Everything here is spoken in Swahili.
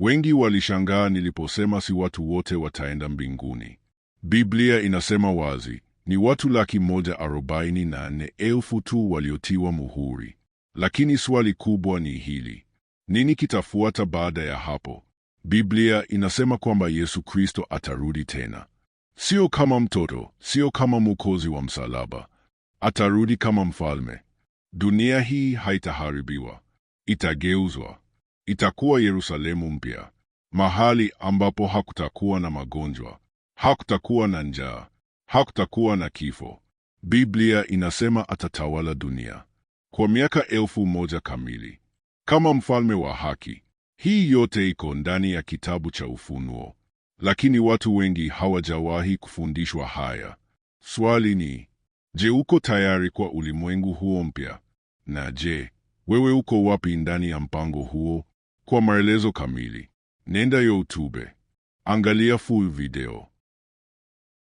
Wengi walishangaa niliposema si watu wote wataenda mbinguni. Biblia inasema wazi, ni watu laki moja arobaini na nne elfu tu waliotiwa muhuri. Lakini swali kubwa ni hili: nini kitafuata baada ya hapo? Biblia inasema kwamba Yesu Kristo atarudi tena, sio kama mtoto, sio kama mwokozi wa msalaba. Atarudi kama mfalme. Dunia hii haitaharibiwa, itageuzwa. Itakuwa Yerusalemu mpya, mahali ambapo hakutakuwa na magonjwa, hakutakuwa na njaa, hakutakuwa na kifo. Biblia inasema atatawala dunia kwa miaka elfu moja kamili kama mfalme wa haki. Hii yote iko ndani ya kitabu cha Ufunuo, lakini watu wengi hawajawahi kufundishwa haya. Swali ni je, uko tayari kwa ulimwengu huo mpya? Na je, wewe uko wapi ndani ya mpango huo? Kwa maelezo kamili, nenda YouTube, angalia full video.